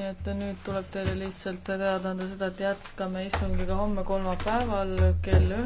nii et nüüd tuleb teile lihtsalt teada anda seda, et jätkame istungiga homme kolmapäeval kell üheksa.